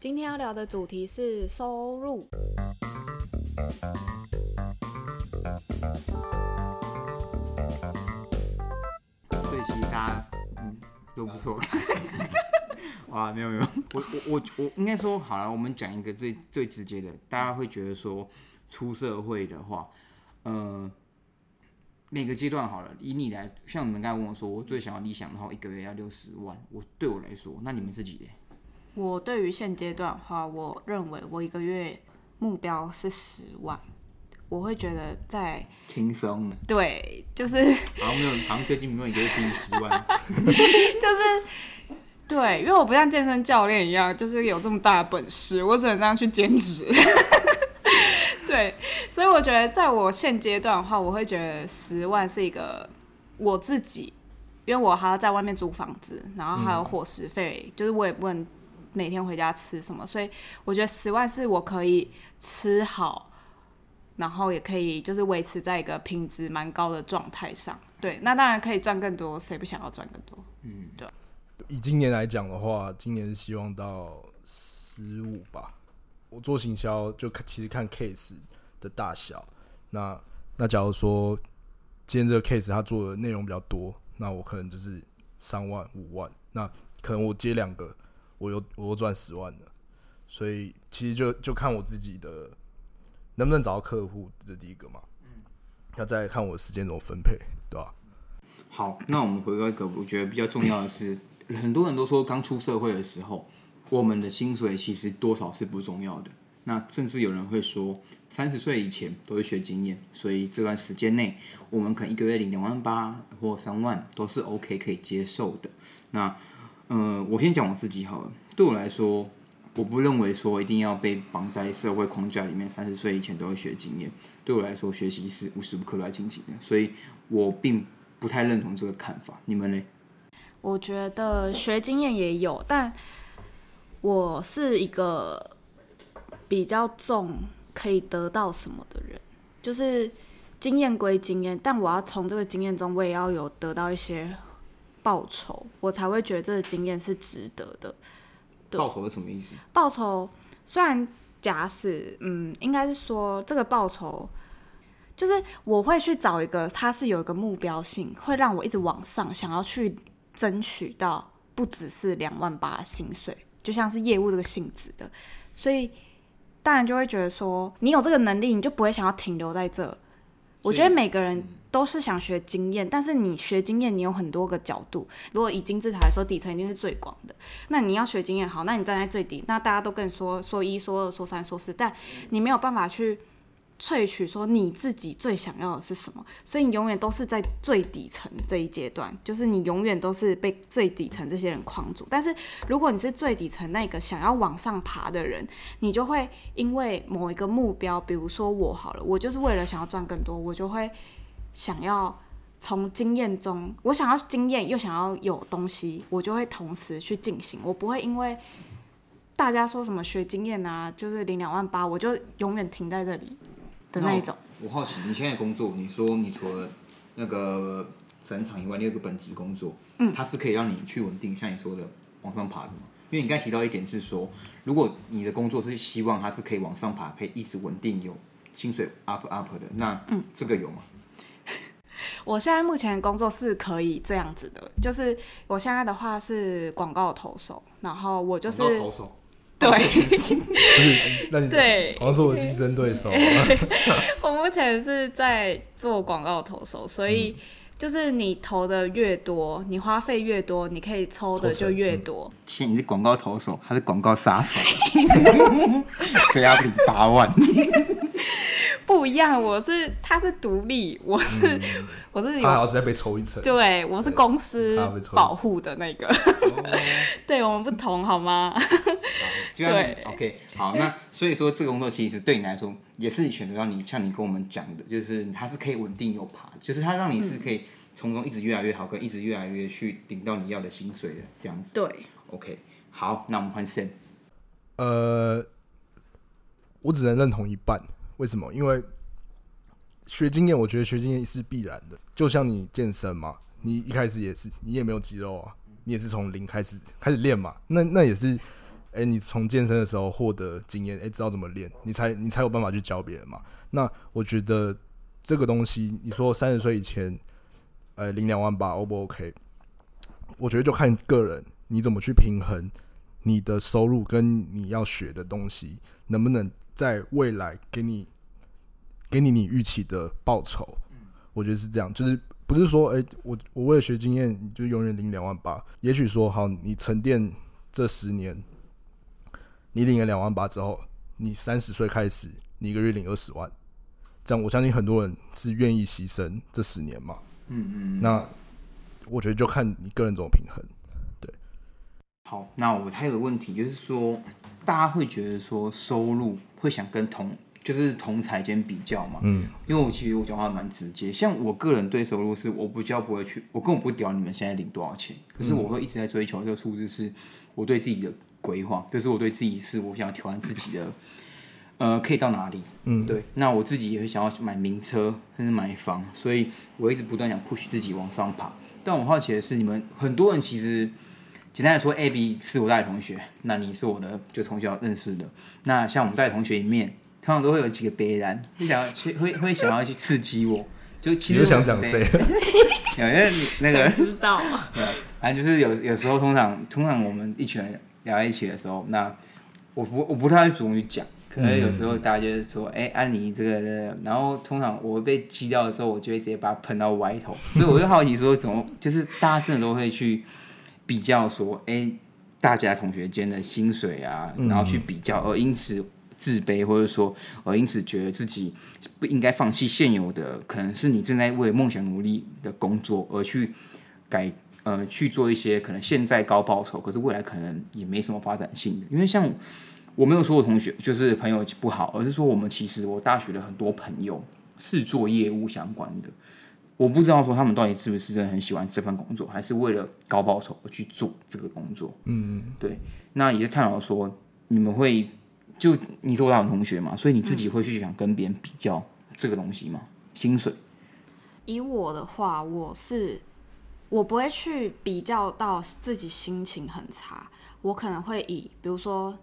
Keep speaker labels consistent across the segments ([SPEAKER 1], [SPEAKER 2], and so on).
[SPEAKER 1] 今天要聊的主題是收入。
[SPEAKER 2] 所以其實大家嗯都不錯，哇沒有沒有，沒有 我我我我應該說好了，我們講一個最最直接的，大家會覺得說出社會的話，呃每個階段好了，以你來，像你們剛才問我說我最想要理想的話，一個月要六十萬，我對我來說，那你們是幾的？
[SPEAKER 1] 我對於現階段的話，我認為我一個月目標是十萬。我會覺得在
[SPEAKER 2] 輕鬆的，
[SPEAKER 1] 對，就是
[SPEAKER 2] 好像沒有，好像最近沒有一個月收入十萬，
[SPEAKER 3] 就
[SPEAKER 1] 是對，因為我不像健身教練一樣，就是有這麼大的本事，我只能這樣去兼職。 對，所以我覺得在我現階段的話，我會覺得十萬是一個我自己，因為我還要在外面租房子，然後還有伙食費，就是我也不能。每天回家吃什麼？所以我覺得十萬是我可以吃好，然後也可以就是維持在一個品質蠻高的狀態上。對，那當然可以賺更多，誰不想要
[SPEAKER 3] 賺更多？嗯，對。以今年來講的話，今年是希望到十五吧。我做行銷就看，其實看 case 的大小。那那假如說今天這個 case 它做的內容比較多，那我可能就是三萬、五萬。那可能我接兩個。我有，我賺十萬的。所以其實就就看我自己的能不能找到客戶，這第一個嘛，嗯，要再看我的時間怎麼分配，對吧、啊。好，
[SPEAKER 2] 那我們回到一個我覺得比較重要的是， 很多人都說剛出社會的時候，我們的薪水其實多少是不重要的，那甚至有人會說三十歲以前都會學經驗，所以這段時間內我們可能一個月領兩萬八或三萬都是 OK 可以接受的，那。嗯、呃，我先講我自己好了。對我來說，我不認為說一定要被綁在社會框架裡面，三十歲以前都要學經驗。對我來說，學習是無時無刻都要進行的，所以我並不太認同這個看法。你們呢？
[SPEAKER 1] 我覺得學經驗也有，但我是一個比較重可以得到什麼的人，就是經驗歸經驗，但我要從這個經驗中，我也要有得到一些，報酬，我才會覺得這個經驗是值得的。對，報
[SPEAKER 2] 酬是什麼意思？
[SPEAKER 1] 報酬雖然假使，嗯，應該是說這個報酬就是我會去找一個，它是有一個目標性，會讓我一直往上，想要去爭取到不只是兩萬八薪水，就像是業務這個性質的，所以當然就會覺得說，你有這個能力，你就不會想要停留在這。我覺得每個人都是想學經驗，但是你學經驗，你有很多個角度。如果以金字塔來說，底層一定是最廣的。那你要學經驗好，那你站在最底，那大家都跟你說說一說二說三說四，但你沒有辦法去。萃取說你自己最想要的是什麼，所以你永遠都是在最底層這一階段，就是你永遠都是被最底層這些人框住。但是如果你是最底層那個想要往上爬的人，你就會因為某一個目標，比如說我好了，我就是為了想要賺更多，我就會想要從經驗中，我想要經驗又想要有東西，我就會同時去進行，我不會因為大家說什麼學經驗啊，就是領兩萬八，我就永遠停在這裡。那一
[SPEAKER 2] 種，我好奇，你現在工作，你說你除了那個散場以外，你有個本職工作。嗯，它是可以讓你去穩定，像你說的往上爬的嗎？因為你剛才提到一點是說，如果你的工作是希望它是可以往上爬，可以一直穩定有薪水 up up 的，那這個有嗎？嗯，
[SPEAKER 1] 我現在目前工作是可以這樣子的，就是我現在的話是廣告投手，然後我就是投手。
[SPEAKER 3] 對，對，好像是我的競爭對手。
[SPEAKER 1] 我目前是在做廣告投手，嗯、所以就是你投的越多，你花費越多，你可以抽的就越多。親，
[SPEAKER 2] 嗯、其實你是廣告投手還是廣告殺手？
[SPEAKER 3] 所以要領八萬。
[SPEAKER 1] 不一樣，我是，他是獨立，我是，嗯、我是有，他好像
[SPEAKER 3] 在被抽一層，對，
[SPEAKER 1] 我們是公司保護的那個，對， 對，我們不同，好嗎？
[SPEAKER 3] 啊、對
[SPEAKER 2] ，OK，好，那所以說這個工作其實對你來說，也是選擇到你。 像你跟我們講的，就是它是可以穩定又爬，就是它讓你是可以從中一直越來越好，跟一直越來越去領到你要的薪水的這樣子。對，OK，好，那我們換 Sam，
[SPEAKER 3] 呃，我只能認同一半。為什麼？因為學經驗，我覺得學經驗是必然的。就像你健身嘛，你一開始也是，你也沒有肌肉啊，你也是從零開始開始練嘛。那那也是，哎，你從健身的時候獲得經驗，哎，知道怎麼練，你才你才有辦法去教別人嘛。那我覺得這個東西，你說三十歲以前，呃，領兩萬八，O 不 OK？我覺得就看個人你怎麼去平衡你的收入跟你要學的東西能不能。在未來給你，給你你預期的報酬，我覺得是這樣，就是不是說，誒、欸，我我為了學經驗就永遠領兩萬八。也許說，好，你沉澱這十年，你領了兩萬八之後，你三十歲開始，你一個月領二十萬，這樣我相信很多人是願意犧牲這十年嘛。嗯嗯那，那我覺得就看你個人怎麼平衡。對，
[SPEAKER 2] 好，那我還有個問題，就是說大家會覺得說收入。會想跟同就是同儕間比較嘛？嗯，因為我其實我講話蠻直接，像我個人對收入是，我不叫不會去，我根本不屌你們現在領多少錢，可是我會一直在追求這個數字，是我對自己的規劃，就是我對自己是我想要挑戰自己的，嗯、呃，可以到哪裡？嗯，對，那我自己也會想要買名車甚至買房，所以我一直不斷想 push 自己往上爬。但我好奇的是，你們很多人其實。簡單的說 a b 是我大學同學，那你是我的就從小認識的。那像我們大學同學裡面，通常都會有幾個別人，會想要去，會會想要去刺激我。就其實我你就想講誰？因為那個知
[SPEAKER 1] 道嗎。對，
[SPEAKER 2] 反、啊、正就是有有時候，通常通常我們一群人聊在一起的時候，那我不我不太會主動去講，可能有時候大家就是說，哎、嗯，安妮、欸啊、這,這個這個，然後通常我被激到的時候，我就會直接把它噴到歪頭。所以我就好奇說，怎麼就是大家真的都會去？比較說，哎、欸，大家同學間的薪水啊，然後去比較，嗯、而因此自卑，或者說，而因此覺得自己不應該放棄現有的，可能是你正在為夢想努力的工作，而去改呃去做一些可能現在高報酬，可是未來可能也沒什麼發展性的。因為像我沒有說我同學就是朋友不好，而是說我們其實我大學的很多朋友是做業務相關的。我不知道說他們到底是不是真的很喜歡這份工作，還是為了高報酬而去做這個工作。嗯，對。那也是探討說你們會，就你是我大學同學嘛，所以你自己會去想跟別人比較這個東西嗎？嗯、薪水。
[SPEAKER 1] 以我的話，我是我不會去比較到自己心情很差，我可能會以比如說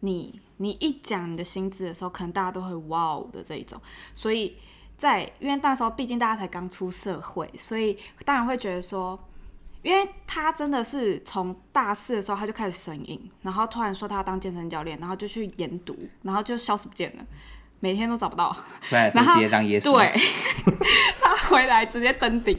[SPEAKER 1] 你你一講你的薪資的時候，可能大家都會哇、wow、的這一種，所以。在，因為那時候畢竟大家才剛出社會，所以當然會覺得說，因為他真的是從大四的時候他就開始神隱，然後突然說他要當健身教練，然後就去研讀，然後就消失不見了，每天都找不到，對， 然後直接當野獸，對， 他回來直接登頂，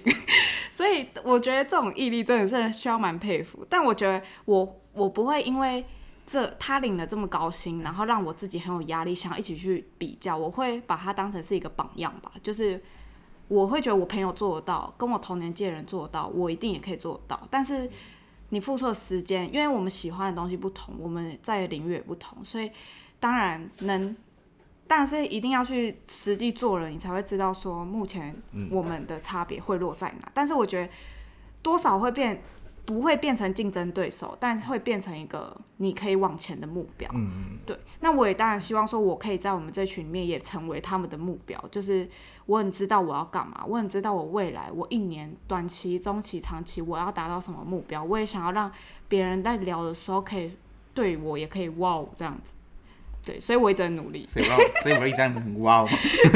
[SPEAKER 1] 所以我覺得這種毅力真的是需要蠻佩服。但我覺得我我不會因為。這他領了這麼高薪，然後讓我自己很有壓力，想要一起去比較。我會把他當成是一個榜樣吧，就是我會覺得我朋友做得到，跟我同年紀的人做得到，我一定也可以做得到。但是你付出的時間，因為我們喜歡的東西不同，我們在的領域也不同，所以當然能，但是一定要去實際做了，你才會知道說目前我們的差別會落在哪。嗯。但是我覺得多少會變。不會變成競爭對手，但是會變成一個你可以往前的目標。嗯對，那我也當然希望說，我可以在我們這群裡面也成為他們的目標。就是我很知道我要幹嘛，我很知道我未來我一年、短期、中期、長期我要達到什麼目標。我也想要讓別人在聊的時候可以對我也可以哇、wow，哦，這樣子。對，所以我一直在努力。所以，所
[SPEAKER 2] 以我一直在很哇哦。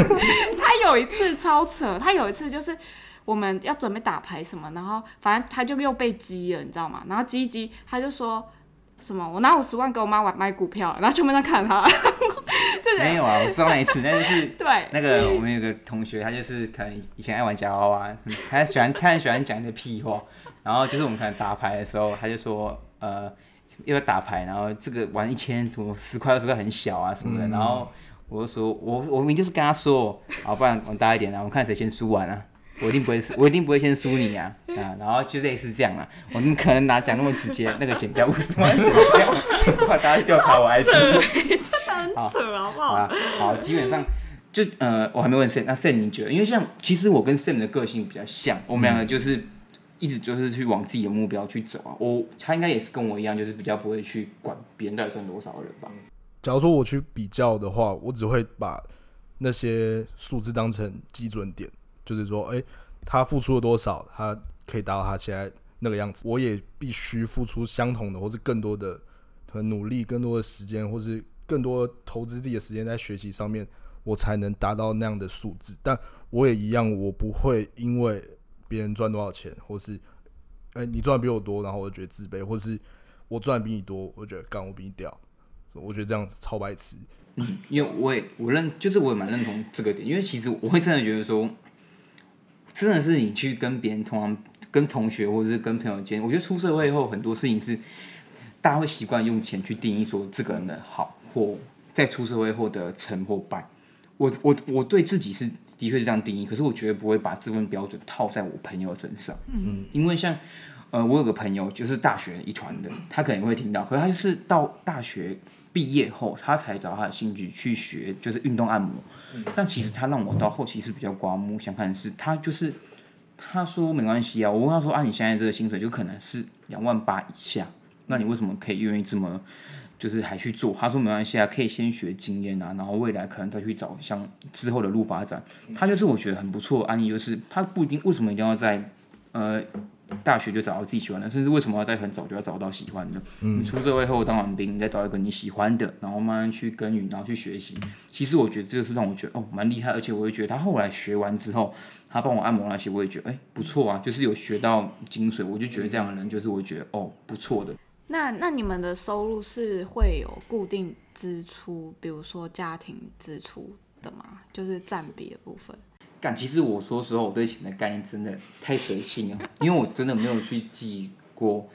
[SPEAKER 1] 他有一次超扯，他有一次就是。我們要準備打牌什麼，然後反正他就又被激了，你知道嗎？然後激一激，他就說什麼“我拿五十萬給我媽玩買股票”，然後就沒人看他。
[SPEAKER 2] 呵呵沒有啊，我說那一次，那就是 對那個我們有個同學，他就是可能以前愛玩夾娃娃，他對喜歡他很喜歡講一些屁話。 然後就是我們可能打牌的時候，他就說：“呃，要不要打牌？”然後這個玩一千多十塊二十塊很小啊，什麼的。嗯、然後我就說：“我我明就是跟他說，好，不然玩大一點後、啊、我看誰先輸完啊。”我一定不會輸，我一定不會先輸你啊 啊！然後就類似這樣了。我們可能拿講那麼直接，那個剪掉五十萬，剪掉，怕大家去調查我愛。扯死，真的
[SPEAKER 1] 很扯， 好不好？
[SPEAKER 2] 好， 基本上就呃，我還沒問 Sam，那 Sam 你覺得？因為像其實我跟 Sam 的個性比較像，我們兩個就是一直就是去往自己的目標去走啊。我他應該也是跟我一樣，就是比較不會去管別人到底賺多少的人吧。
[SPEAKER 3] 假如說我去比較的話，我只會把那些數字當成基準點。就是說，誒、欸，他付出了多少，他可以達到他現在那個樣子。我也必須付出相同的，或是更多的努力，更多的時間，或是更多的投資自己的時間在學習上面，我才能達到那樣的數字。但我也一樣，我不會因為別人賺多少錢，或是誒、欸，你賺的比我多，然後我就覺得自卑，或是我賺的比你多，我就覺得幹我比你屌，所以我覺得這樣子超白痴。
[SPEAKER 2] 嗯，因
[SPEAKER 3] 為我也我認，就是我也蠻認同這個點，因為其實我會真的
[SPEAKER 2] 覺得說。真的是你去跟別人通常跟同學或者是跟朋友間，我覺得出社會後很多事情是，大家會習慣用錢去定義說這個人的好或在出社會後的成或敗。我我我對自己是的確這樣定義，可是我絕對不會把這份標準套在我朋友身上，嗯，因為像。呃，我有個朋友就是大學一團的，他可能會聽到，可是他就是到大學畢業後，他才找他的興趣去學，就是運動按摩。但其實他讓我到後期是比較刮目相看是、就是，他就是他說沒關係啊，我問他說，按、啊、你現在這個薪水，就可能是兩萬八以下，那你為什麼可以願意這麼就是還去做？他說沒關係啊，可以先學經驗啊，然後未來可能再去找像之後的路發展。他就是我覺得很不錯的案例，就是他不一定為什麼一定要在呃。大學就找到自己喜歡的，甚至為什麼要在很早就要找到喜歡的？你、嗯、出社會後當完兵，你再找一個你喜歡的，然後慢慢去耕耘，然後去學習。其實我覺得這個是讓我覺得哦蠻厲害，而且我也覺得他後來學完之後，他幫我按摩那些，我也覺得哎、欸、不錯啊，就是有學到精髓。我就覺得這樣的人、嗯、就是我覺得哦不錯的。
[SPEAKER 1] 那那你們的收入是會有固定支出，比如說家庭支出的嗎？就是占比的部分。
[SPEAKER 2] 但其實我說實話，我對錢的概念真的太隨性了， 因為我真的沒有去記過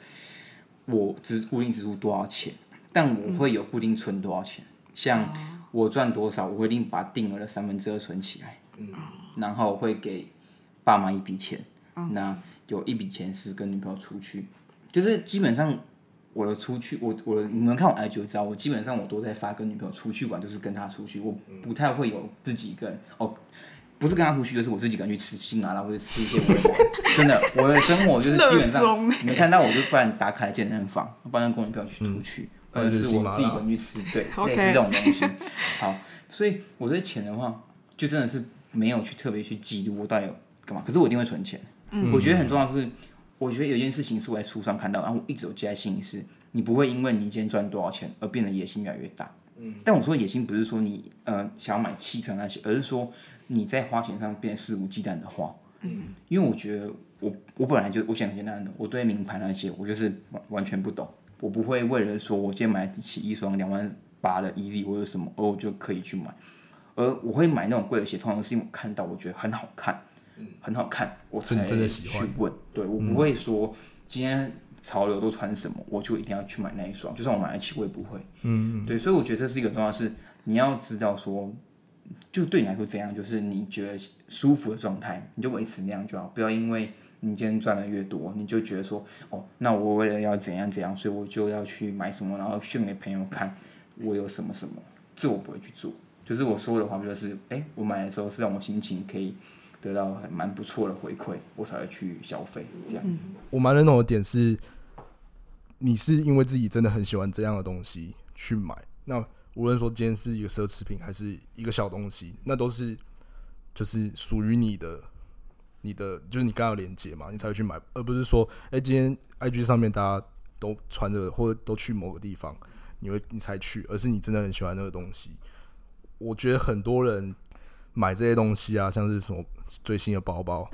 [SPEAKER 2] 我支固定支出多少錢，但我會有固定存多少錢。像我賺多少，我一定把定額的三分之二存起來，嗯，然後我會給爸媽一筆錢，嗯、那有一筆錢是跟女朋友出去，就是基本上我的出去，我我你們看我 IG 就知道，我基本上我都在發跟女朋友出去玩，就是跟她出去，我不太會有自己一個人哦。不是跟他出去，就是我自己個人去吃辛辣，或者吃一些 真的，我的生活就是基本上沒、欸、看到，我就辦打卡健身房，辦工人，不票去出去，嗯、或者是我自己個人去吃，嗯、對，類似這種東西。嗯、好，所以我的錢的話，就真的是沒有去特別去記錄我到底有幹嘛。可是我一定會存錢。嗯、我覺得很重要是，我覺得有一件事情是我在書上看到，然後我一直有記在心裡是，是你不會因為你今天賺多少錢而變得野心越來越大。嗯，但我說野心不是說你呃想要買七成那些，而是說。你在花錢上變肆無忌憚的花，嗯，因為我覺得我我本來就我想很簡單的，我對名牌那些我就是完完全不懂，我不會為了說我今天買得起一雙兩萬八的 Yeezy 我有什麼，我就可以去買，而我會買那種貴的鞋，通常是因為我看到我覺得很好看，嗯、很好看，我才去問。對，我不會說今天潮流都穿什麼，我就一定要去買那一雙，就算我買得起我也不會，嗯、嗯，對，所以我覺得這是一個重要，是你要知道說。就對你來說怎樣，就是你覺得舒服的狀態，你就維持那樣就好。不要因為你今天賺得越多，你就覺得說，哦，那我為了要怎樣怎樣，所以我就要去買什麼，然後炫給朋友看我有什麼什麼。這我不會去做。就是我說的話，就是，誒，我買的時候是讓我心情可以得到蠻不錯的回饋，我才會去消費這樣
[SPEAKER 3] 子。嗯，我蠻認同的點是，你是因為自己真的很喜歡這樣的東西去買那。無論說今天是一個奢侈品還是一個小東西，那都是就是屬於你的，你的就是你剛剛有連結嘛，你才會去買，而不是說哎、欸，今天 IG 上面大家都穿着、這個、或者都去某個地方，你會你才去，而是你真的很喜歡那個東西。我覺得很多人買這些東西啊，像是什麼最新的包包、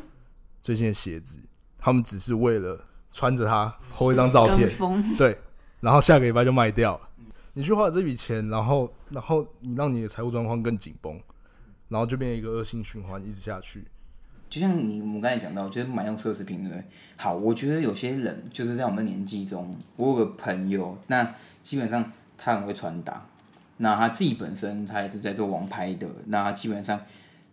[SPEAKER 3] 最新的鞋子，他們只是為了穿着它拍一張照片，更瘋 對，然後下個禮拜就賣掉了你去花這筆錢，然後，然後你讓你的財務狀況更緊繃，然後就變成一個惡性循環，一直下去。就像你我剛才講到，就是蠻用奢侈品對不對？好，我覺得有些人
[SPEAKER 2] 就是在我們年紀中，我有個朋友，那基本上他很會穿搭，那他自己本身他也是在做網拍的，那基本上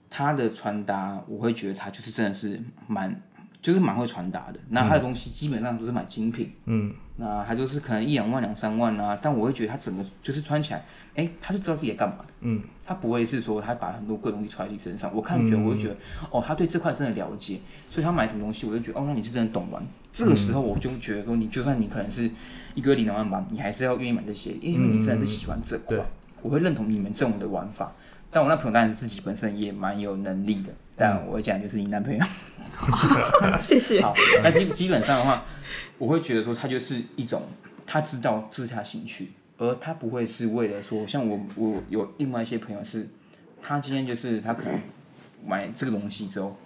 [SPEAKER 2] 他的穿搭，我會覺得他就是真的是蠻，就是蠻會穿搭的，那他的東西基本上都是蠻精品，嗯。嗯那他就是可能一兩萬兩三萬啊，但我會覺得他整個就是穿起來，哎，他是知道自己在幹嘛的，嗯，他不會是說他把很多貴東西揣在你身上。我看我覺得，嗯、我會覺得，哦，他對這塊真的了解，所以他買什麼東西，我就覺得，哦，那你是真的懂玩。這個時候我就覺得說，你就算你可能是一個月領兩萬吧，你還是要願意買這些，因為你真的是喜歡這塊。嗯、我會認同你們這種的玩法，但我那朋友當然是自己本身也蠻有能力的，但我講就是你男朋友，謝謝。好，那基基本上的話。我會覺得說，他就是一種他知道自洽興趣，而他不會是為了說，像我，我有另外一些朋友是，他今天就是他可能買這個東西之後，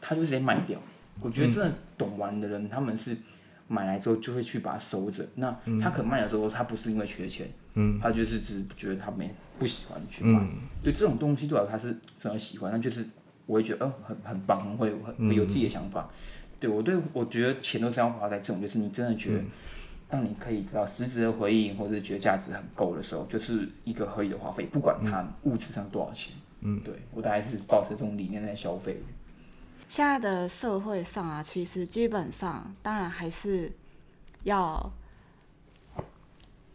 [SPEAKER 2] 他就直接賣掉。我覺得真的懂玩的人，嗯、他們是買來之後就會去把它收着。那他可能賣了之後，他不是因為缺錢，嗯，他就是只覺得他沒不喜歡去賣。嗯、對這種東西，對他是真的喜歡，那就是我會覺得，哦、呃，很很棒，很會很很有自己的想法。嗯對我對我覺得錢都這樣花在這種，就是你真的覺得當你可以知道實質的回應，或者是覺得價值很夠的時候，就是一個合理的花費，不管它物質上多少錢。嗯，對我大概是保持這種理念在消
[SPEAKER 1] 費。嗯、現在的社會上啊，其實基本上當然還是要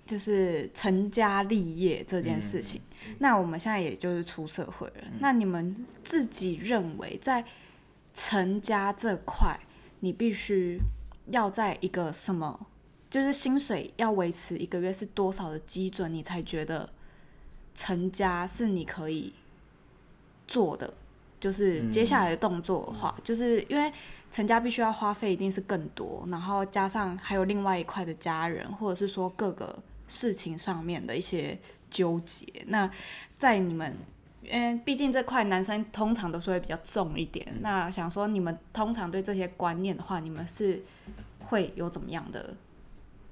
[SPEAKER 1] 就是成家立業這件事情。嗯、那我們現在也就是出社會了，那你們自己認為在成家這塊？你必須要在一個什麼，就是薪水要維持一個月是多少的基準，你才覺得成家是你可以做的，就是接下來的動作的話，就是因為成家必須要花費一定是更多，然後加上還有另外一塊的家人，或者是說各個事情上面的一些糾結，那在你們。嗯，畢竟這塊男生通常都說比較重一點。那想說，你們通常對這些觀念的話，你們是會有怎麼樣的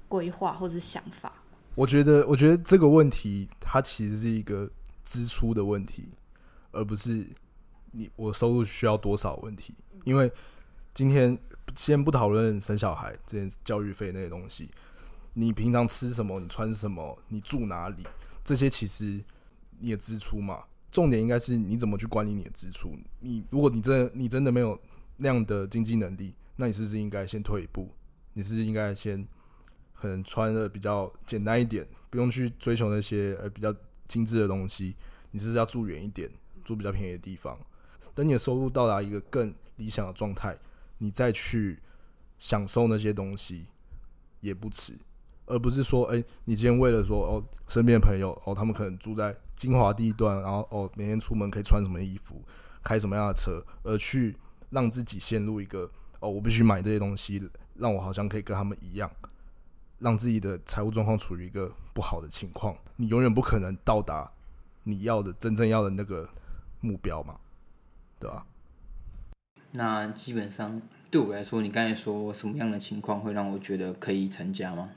[SPEAKER 1] 規劃或者想法？
[SPEAKER 3] 我覺得，我覺得這個問題它其實是一個支出的問題，而不是你我收入需要多少問題。因為今天先不討論生小孩這些教育費那些東西，你平常吃什麼？你穿什麼？你住哪裡？這些其實你也支出嘛。重點應該是你怎麼去管理你的支出。你如果你真的你真的沒有那樣的經濟能力，那你是不是應該先退一步？你是不是應該先可能穿的比較簡單一點，不用去追求那些呃比較精緻的東西。你是不是要住遠一點，住比較便宜的地方。等你的收入到達一個更理想的狀態，你再去享受那些東西也不遲。而不是說，誒、欸，你今天為了說哦，身邊的朋友哦，他們可能住在精華地段，然後哦，每天出門可以穿什麼衣服，開什麼樣的車，而去讓自己陷入一個哦，我必須買這些東西，讓我好像可以跟他們一樣，讓自己的財務狀況處於一個不好的情況，你永遠不可能到達你要的真正要的那個目標嘛，對吧、啊？
[SPEAKER 2] 那基本上對我來說，你剛才說什麼樣的情況會讓我覺得可以成家嗎？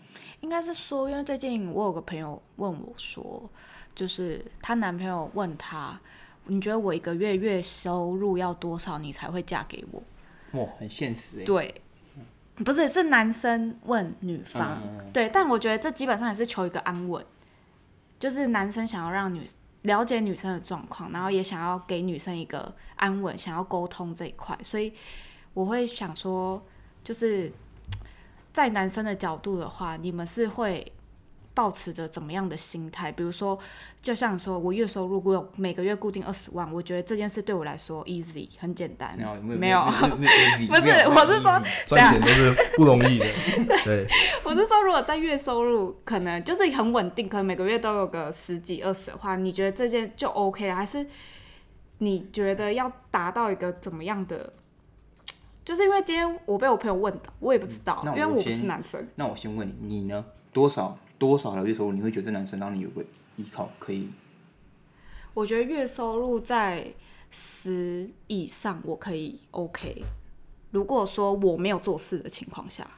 [SPEAKER 1] 應該是說，因為最近我有個朋友問我說，就是她男朋友問她，你覺得我一個月月收入要多少，你才會嫁給我？哇、哦，
[SPEAKER 2] 很現實。對，
[SPEAKER 1] 不是，是男生問女方，嗯嗯嗯。對，但我覺得這基本上也是求一個安穩，就是男生想要讓女了解女生的狀況，然後也想要給女生一個安穩，想要溝通這一塊，所以我會想說，就是。在男生的角度的話，你們是會保持着怎麼樣的心態？比如說，就像說我月收入我有每個月固定二十萬，我覺得這件事對我來說 easy 很簡單。沒有，沒有，
[SPEAKER 3] 不是，有 easy, 我是說，賺錢都是不容易的。一
[SPEAKER 1] 對，對我是說，如果在月收入可能就是很穩定，可能每個月都有個十幾二十的話，你覺得這件就 OK 了？還是你覺得要達到一個怎麼樣的？就是因為今天我被我朋友問的，我也不知道、啊，嗯、因為我不是男生。
[SPEAKER 2] 那我先問你，你呢？多少多少的月收入你會覺得這男生讓你有個依靠可以？
[SPEAKER 1] 我覺得月收入在十以上，我可以 OK。如果說我沒有做事的情況下，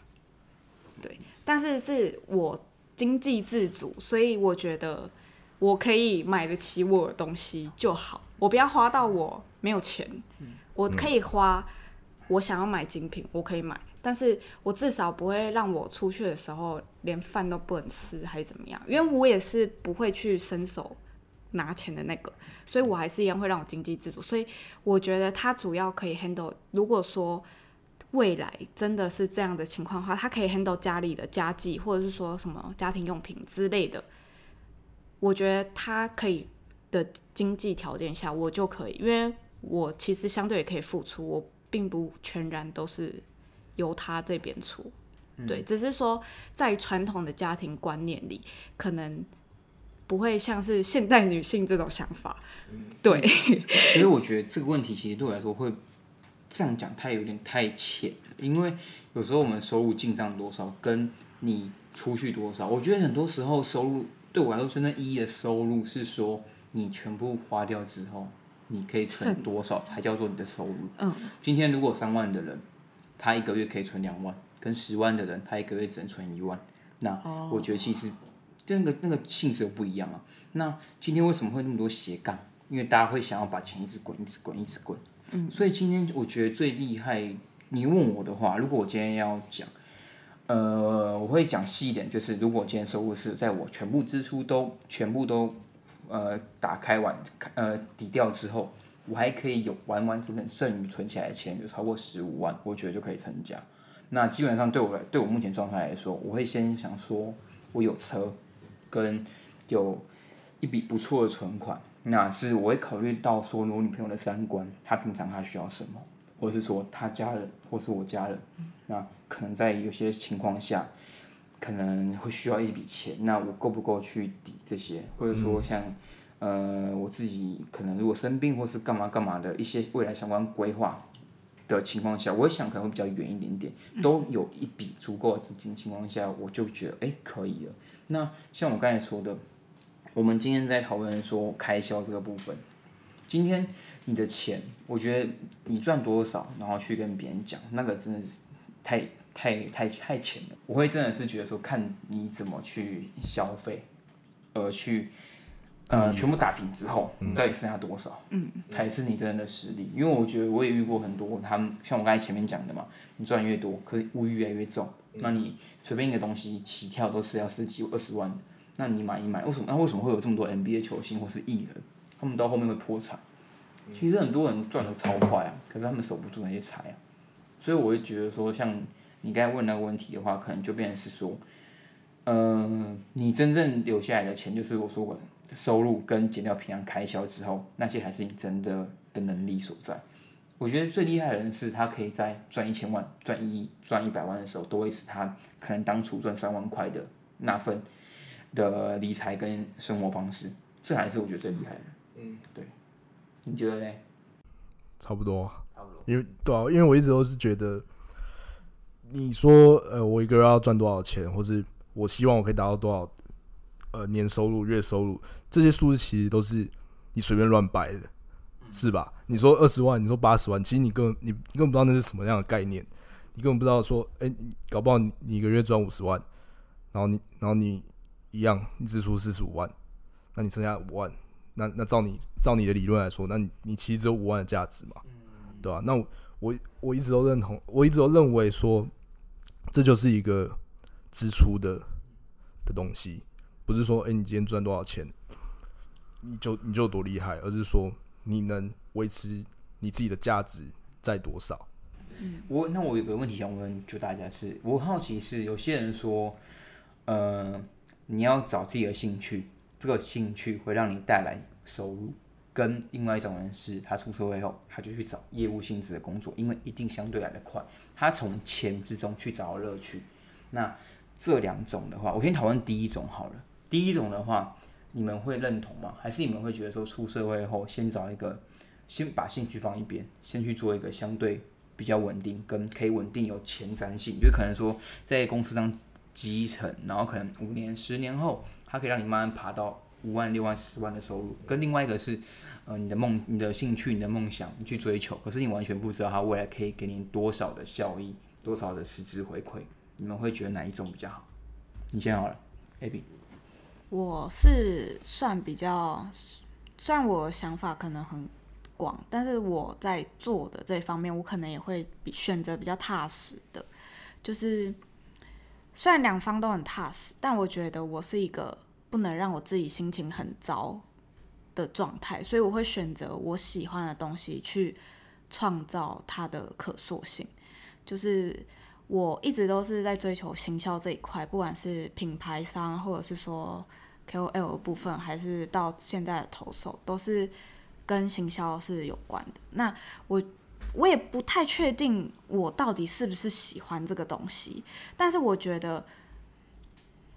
[SPEAKER 1] 對，嗯、但是是我經濟自主，所以我覺得我可以買得起我的東西就好。我不要花到我沒有錢，嗯、我可以花。我想要買精品，我可以買，但是我至少不會讓我出去的時候連飯都不能吃，還是怎麼樣？因為我也是不會去伸手拿錢的那個，所以我還是一樣會讓我經濟自主。所以我覺得他主要可以 handle，如果說未來真的是這樣的情況的話，他可以 handle 家裡的家計，或者是說什麼家庭用品之類的。我覺得他可以的經濟條件下，我就可以，因為我其實相對也可以付出我。並不全然都是由他這邊出，
[SPEAKER 3] 對，只
[SPEAKER 1] 是說在傳統的家庭觀念裡，可能不會像是現代女性這種想法，嗯、
[SPEAKER 2] 對。所以我覺得這個問題其實對我來說會這樣講，太有點太淺，因為有時候我們收入進賬多少，跟你出去多少，我覺得很多時候收入對我來說真正意義的收入是說你全部花掉之後。你可以存多少才叫做你的收入？嗯，今天如果三萬的人，他一個月可以存兩萬，跟十萬的人他一個月只能存一萬，那我覺得其實，那個那個性質不一樣啊。那今天為什麼會那麼多斜槓？因為大家會想要把錢一直滾，一直滾，一直滾。嗯，所以今天我覺得最厲害，你問我的話，如果我今天要講，呃，我會講細一點，就是如果今天收入是在我全部支出都全部都。呃，打開完呃抵掉之後，我還可以有完完整整剩餘存起來的錢，有超過十五萬，我覺得就可以成家。那基本上對我來對我目前狀態來說，我會先想說，我有車，跟有一筆不錯的存款，那是我會考慮到說，我女朋友的三觀，她平常她需要什麼，或是說她家人或是我家人，那可能在有些情況下，可能會需要一筆錢，那我夠不夠去抵這些？或者說像，嗯、呃，我自己可能如果生病或是幹嘛幹嘛的一些未來相關規劃的情況下，我想可能會比較遠一點點，都有一筆足夠的資金情況下，我就覺得誒、欸，可以了。那像我剛才說的，我們今天在討論說開銷這個部分，今天你的錢，我覺得你賺多少，然後去跟別人講，那個真的是太。太太太淺了，我會真的是覺得說，看你怎麼去消費，而去呃，嗯、全部打平之後，嗯、到底剩下多少，嗯，才是你真正的實力。嗯、因為我覺得我也遇過很多，他們像我剛才前面講的嘛，你賺越多，可是物欲越來越重，嗯、那你隨便一個東西起跳都是要十幾二十萬的，那你買一買，為什麼？那為什麼會有這麼多 NBA 球星或是藝人，他們到後面會破產？其實很多人賺的超快啊，可是他們守不住那些財啊，所以我會覺得說，像。你該問那個問題的話，可能就變成是說，嗯、呃，你真正留下來的錢，就是我說我的收入跟減掉平常開銷之後，那些還是你真的的能力所在。我覺得最厲害的人是他可以在賺一千萬、賺一億、賺一百萬的時候，都會使他可能當初賺三萬塊的那份的理財跟生活方式，這還是我覺得最厲害的。嗯，對，你覺得嘞？
[SPEAKER 3] 差不多，差不多。因為對啊，因為我一直都是覺得。你說，呃，我一個月要賺多少錢，或是我希望我可以達到多少，呃，年收入、月收入，這些數字其實都是你隨便亂掰的，是吧？你說二十萬，你說八十萬，其實你根本你根本不知道那是什麼樣的概念，你根本不知道說，哎，你搞不好你你一個月賺五十萬，然後你然後你一樣，你支出四十五萬，那你剩下五萬，那那照你照你的理論來說，那你你其實只有五萬的價值嘛，對吧、啊？那我我，我一直都認同，我一直都認為說。這就是一個支出的的東西，不是說，哎，你今天賺多少錢，你就你就多厲害，而是說你能維持你自己的價值在多少。嗯，
[SPEAKER 2] 我那我有一個問題想問就大家是，我好奇是有些人說，呃，你要找自己的興趣，這個興趣會讓你帶來收入，跟另外一種人是他出社會後他就去找業務性質的工作，因為一定相對來得快。他從錢之中去找樂趣，那這兩種的話，我先討論第一種好了。第一種的話，你們會認同嗎？還是你們會覺得說，出社會後先找一個，先把興趣放一邊，先去做一個相對比較穩定、跟可以穩定有前瞻性，就可能說在公司當基層，然後可能五年、十年後，它可以讓你慢慢爬到。五萬、六萬、十萬的收入，跟另外一個是，呃，你的夢、你的興趣、你的夢想你去追求，可是你完全不知道它未來可以給你多少的效益、多少的實質回饋。你們會覺得哪一種比較好？你先好了，Abby。
[SPEAKER 1] 我是算比較，雖然我想法可能很廣，但是我在做的這一方面，我可能也會比選擇比較踏實的。就是雖然兩方都很踏實，但我覺得我是一個。不能讓我自己心情很糟的狀態，所以我會選擇我喜歡的東西去創造它的可塑性。就是我一直都是在追求行銷這一塊，不管是品牌商或者是說 KOL 的部分，還是到現在的投手，都是跟行銷是有關的。那我我也不太確定我到底是不是喜歡這個東西，但是我覺得。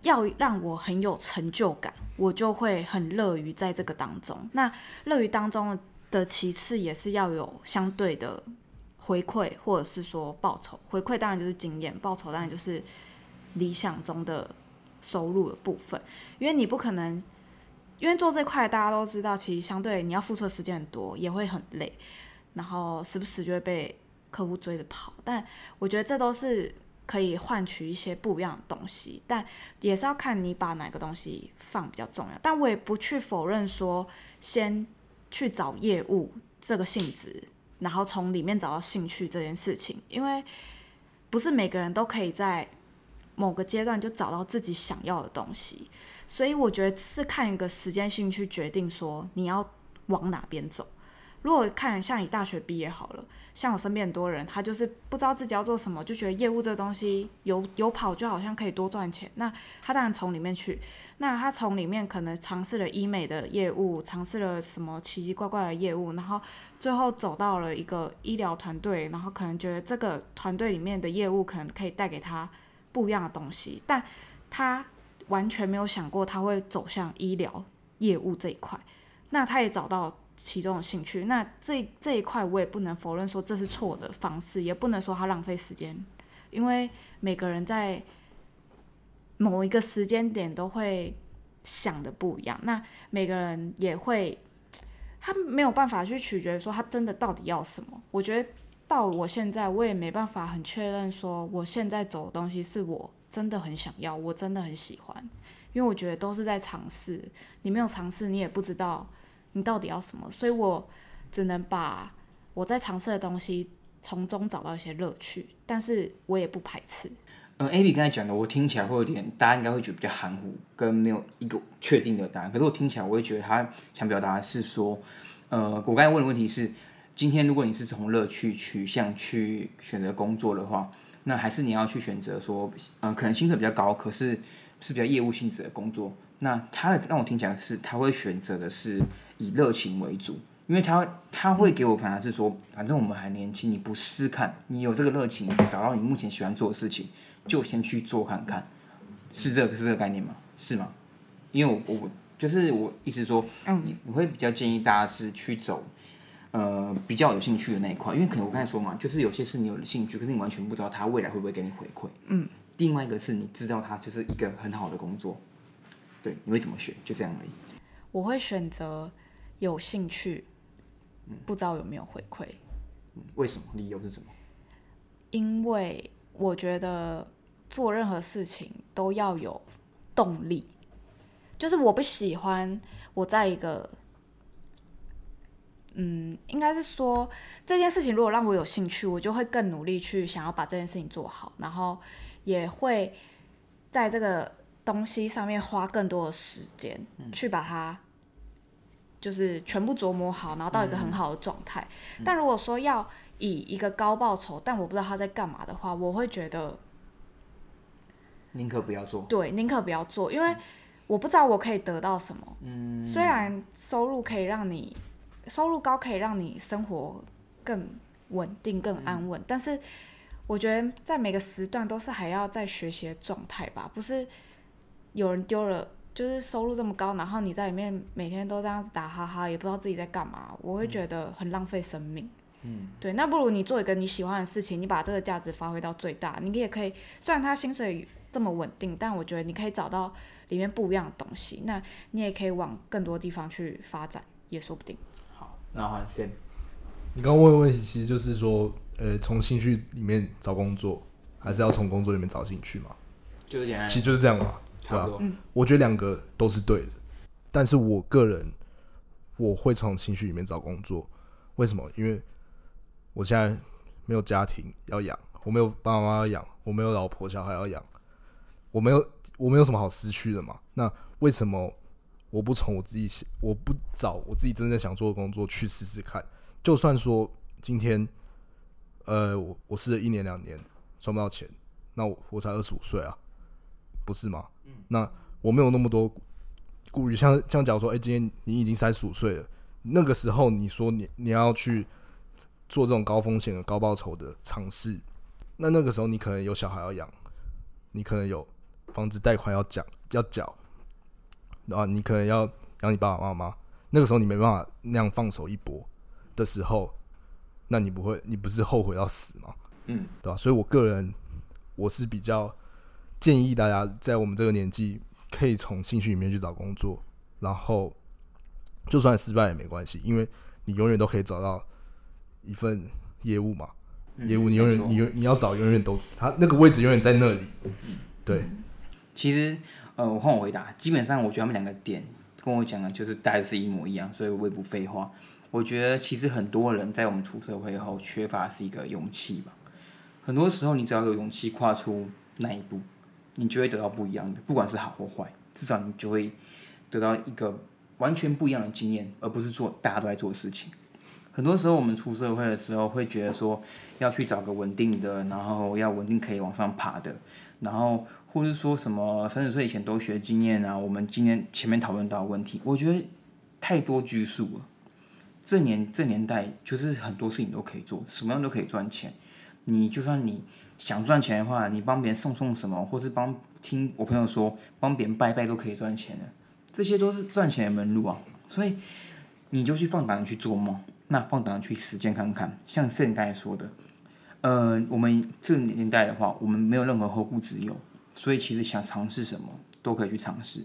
[SPEAKER 1] 要讓我很有成就感，我就會很樂於在這個當中。那樂於當中的其次也是要有相對的回饋，或者是說報酬。回饋當然就是經驗，報酬當然就是理想中的收入的部分。因為你不可能，因為做這塊大家都知道，其實相對你要付出的時間很多，也會很累，然後時不時就會被客戶追着跑。但我覺得這都是。可以換取一些不一樣的東西，但也是要看你把哪個東西放比較重要。但我也不去否認說，先去找業務這個性質，然後從裡面找到興趣這件事情，因為不是每個人都可以在某個階段就找到自己想要的東西，所以我覺得是看一個時間性去決定說你要往哪邊走。如果看像你大學畢業好了，像我身邊很多人，他就是不知道自己要做什麼，就覺得業務這個東西有有跑就好像可以多賺錢，那他當然從裡面去，那他從裡面可能嘗試了醫美的業務，嘗試了什麼奇奇怪怪的業務，然後最後走到了一個醫療團隊，然後可能覺得這個團隊裡面的業務可能可以帶給他不一樣的東西，但他完全沒有想過他會走向醫療業務這一塊，那他也找到。其中的興趣，那這一這一塊我也不能否認說這是錯的方式，也不能說他浪費時間，因為每個人在某一個時間點都會想的不一樣。那每個人也會，他沒有辦法去取決說他真的到底要什麼。我覺得到我現在我也沒辦法很確認說我現在走的東西是我真的很想要，我真的很喜歡，因為我覺得都是在嘗試。你沒有嘗試，你也不知道。你到底要什麼？所以我只能把我在嘗試的東西，從中找到一些樂趣，但是我也不排斥。
[SPEAKER 2] 嗯、呃、a b 剛才講的，我聽起來會有點，大家應該會覺得比較含糊，跟沒有一個確定的答案。可是我聽起來，我會覺得他想表達的是說，呃，我剛才問的問題是，今天如果你是從樂趣取向去選擇工作的話，那還是你要去選擇說，嗯、呃，可能薪水比較高，可是是比較業務性質的工作。那他的，那我聽起來是，他會選擇的是以熱情為主，因為他他會給我反而是說，反正我們還年輕，你不試看，你有這個熱情，你不找到你目前喜歡做的事情，就先去做看看，是這個是這個概念嗎？是嗎？因為我，我就是我意思說，嗯，我會比較建議大家是去走，呃，比較有興趣的那一塊，因為可能我剛才說嘛，就是有些事你有興趣，可是你完全不知道他未來會不會給你回饋，嗯，另外一個是你知道他就是一個很好的工作。對，你會怎麼選？就這樣而已。
[SPEAKER 1] 我會選擇有興趣，嗯，不知道有沒有回饋，
[SPEAKER 2] 嗯，為什麼？理由是什麼？
[SPEAKER 1] 因為我覺得做任何事情都要有動力，就是我不喜歡我在一個，嗯，應該是說這件事情如果讓我有興趣，我就會更努力去想要把這件事情做好，然後也會在這個。東西上面花更多的時間、嗯、去把它，就是全部琢磨好，然後到一個很好的狀態。嗯嗯、但如果說要以一個高報酬，但我不知道他在幹嘛的話，我會覺得寧可不要做。對，寧可不要做，因為我不知道我可以得到什麼。嗯，
[SPEAKER 2] 雖然
[SPEAKER 1] 收入可以讓你收入高，可以讓你生活更穩定、更安穩，嗯、但是我覺得在每個時段都是還要在學習的狀態吧，不是？有人丟了，就是收入這麼高，然後你在裡面每天都這樣子打哈哈，也不知道自己在幹嘛，我會覺得很浪費生命。嗯，對，那不如你做一個你喜歡的事情，你把這個價值發揮到最大，你也可以。雖然他薪水這麼穩定，但我覺得你可以找到裡面不一樣的東西，那你也可以往更多地方去發展，也說不定。好，
[SPEAKER 2] 那好，先。
[SPEAKER 3] 你剛問的問題其實就是說，呃，從興趣裡面找工作，還是要從工作裡面找興趣嗎？就是簡單，其實就是這樣嘛。對吧、啊？嗯、我覺得兩個都是對的，但是我個人，我會從興趣裡面找工作。為什麼？因為我現在沒有家庭要養，我沒有爸爸媽媽要養，我沒有老婆小孩要養，我沒有我沒有什麼好失去的嘛。那為什麼我不從我自己，我不找我自己真正想做的工作去試試看？就算說今天，呃，我我試了一年兩年賺不到錢，那我我才二十五歲啊，不是嗎？那我沒有那麼多顧慮，像像假如說，哎，今天你已經三十五歲了，那個時候你說你你要去做這種高風險的高報酬的嘗試，那那個時候你可能有小孩要養，你可能有房子貸款要講要繳，啊，你可能要養你爸爸媽媽，那個時候你沒辦法那樣放手一搏的時候，那你不會，你不是後悔要死嗎？嗯，對吧？所以，我個人我是比較。建議大家在我們這個年紀，可以從興趣裡面去找工作，然後就算失敗也沒關係，因為你永遠都可以找到一份業務嘛。嗯、業務你永遠沒錯。你你你要找永遠都他那個位置永遠在那裡。對，
[SPEAKER 2] 其實呃，我換我回答，基本上我覺得他們兩個點跟我講的就是大概是一模一樣，所以我也不廢話。我覺得其實很多人在我們出社會後缺乏是一個勇氣吧。很多時候你只要有勇氣跨出那一步。你就會得到不一樣的，不管是好或壞，至少你就會得到一個完全不一樣的經驗，而不是做大家都在做的事情。很多時候我們出社會的時候，會覺得說要去找個穩定的，然後要穩定可以往上爬的，然後或是說什麼三十歲以前都學經驗啊。我們今天前面討論到的問題，我覺得太多拘束了。這年這年代就是很多事情都可以做，什麼樣都可以賺錢。你就算你。想賺錢的話，你幫別人送送什麼，或是幫聽我朋友說幫別人拜拜都可以賺錢的，這些都是賺錢的門路啊。所以你就去放膽去做夢，那放膽去實踐看看。像 Sam 剛才說的，呃，我們這年代的話，我們沒有任何後顧之憂，所以其實想嘗試什麼都可以去嘗試。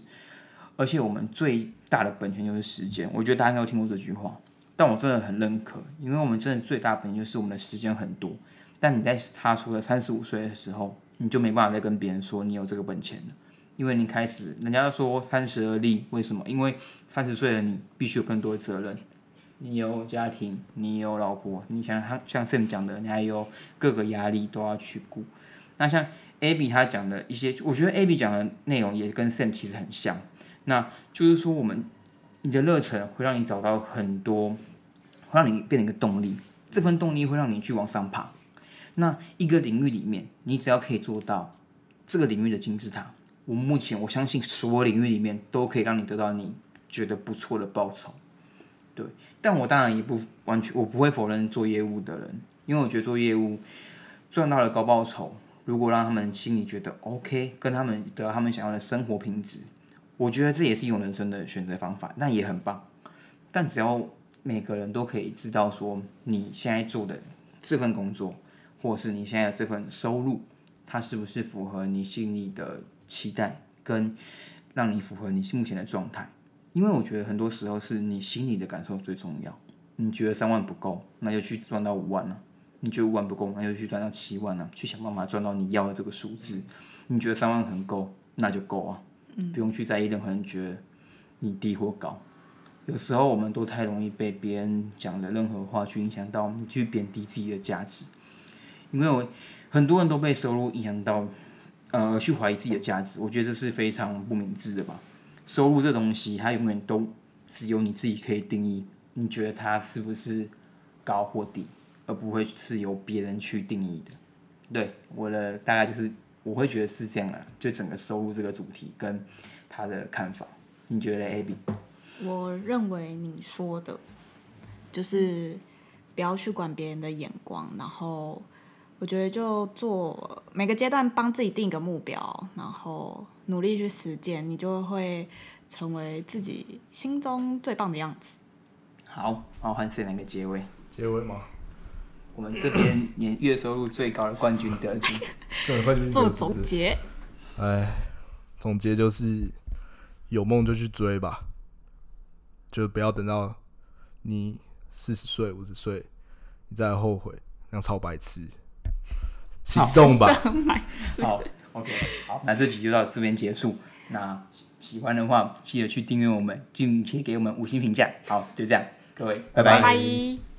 [SPEAKER 2] 而且我們最大的本錢就是時間，我覺得大家應該都聽過這句話，但我真的很認可，因為我們真的最大的本錢就是我們的時間很多。但你在他說了三十五歲的時候，你就沒辦法再跟別人說你有這個本錢了，因為你開始人家說三十而立，為什麼？因為三十歲的你必須有更多責任，你有家庭，你有老婆，你像像 Sam 講的，你還有各個壓力都要去顧。那像 Abby 她講的一些，我覺得 Abby 講的內容也跟 Sam 其實很像。那就是說，我們你的熱忱會讓你找到很多，會讓你變成一個動力，這份動力會讓你去往上爬。那一個領域裡面，你只要可以做到這個領域的金字塔，我目前我相信所有領域裡面都可以讓你得到你覺得不錯的報酬。對，但我當然也不完全，我不會否認做業務的人，因為我覺得做業務賺到了高報酬，如果讓他們心裡覺得 OK，跟他們得到他們想要的生活品質，我覺得這也是一種人生的選擇方法，那也很棒。但只要每個人都可以知道說你現在做的這份工作。或是你現在的這份收入，它是不是符合你心裡的期待，跟讓你符合你目前的狀態？因為我覺得很多時候是你心裡的感受最重要。你覺得三萬不夠，那就去賺到五萬了啊。你覺得五萬不夠，那就去賺到七萬了啊，去想辦法賺到你要的這個數字，你覺得三萬很夠，那就夠啊。嗯，不用去在意任何人覺得你低或高。有時候我們都太容易被別人講的任何話去影響到，你去貶低自己的價值。沒有，因為很多人都被收入影響到，呃，去懷疑自己的價值。我覺得這是非常不明智的吧。收入這東西，它永遠都是由你自己可以定義，你覺得它是不是高或低，而不會是由別人去定義的。對，我的大概就是我會覺得是這樣了、啊。就整個收入這個主題跟他的看法，你覺得呢 AB？
[SPEAKER 1] 我認為你說的就是不要去管別人的眼光，然後。我覺得就做每個階段幫自己定一個目標，然後努力去實踐，你就會成為自己心中最棒的樣子。
[SPEAKER 2] 好，然後換誰來個結尾？結尾嗎？我們這邊年月收入最高的冠軍得主，
[SPEAKER 3] 做總結。哎，總結就是有夢就去追吧，就不要等到你四十歲、五十歲，你再後悔，那樣超白痴。行動吧，好！好，哪次？好，OK，好， 那這集就
[SPEAKER 2] 到這邊結束。那喜歡的話，記得去訂閱我們，並且給我們五星評價。好，就這樣，各位，Bye 拜拜。Hi. 拜拜。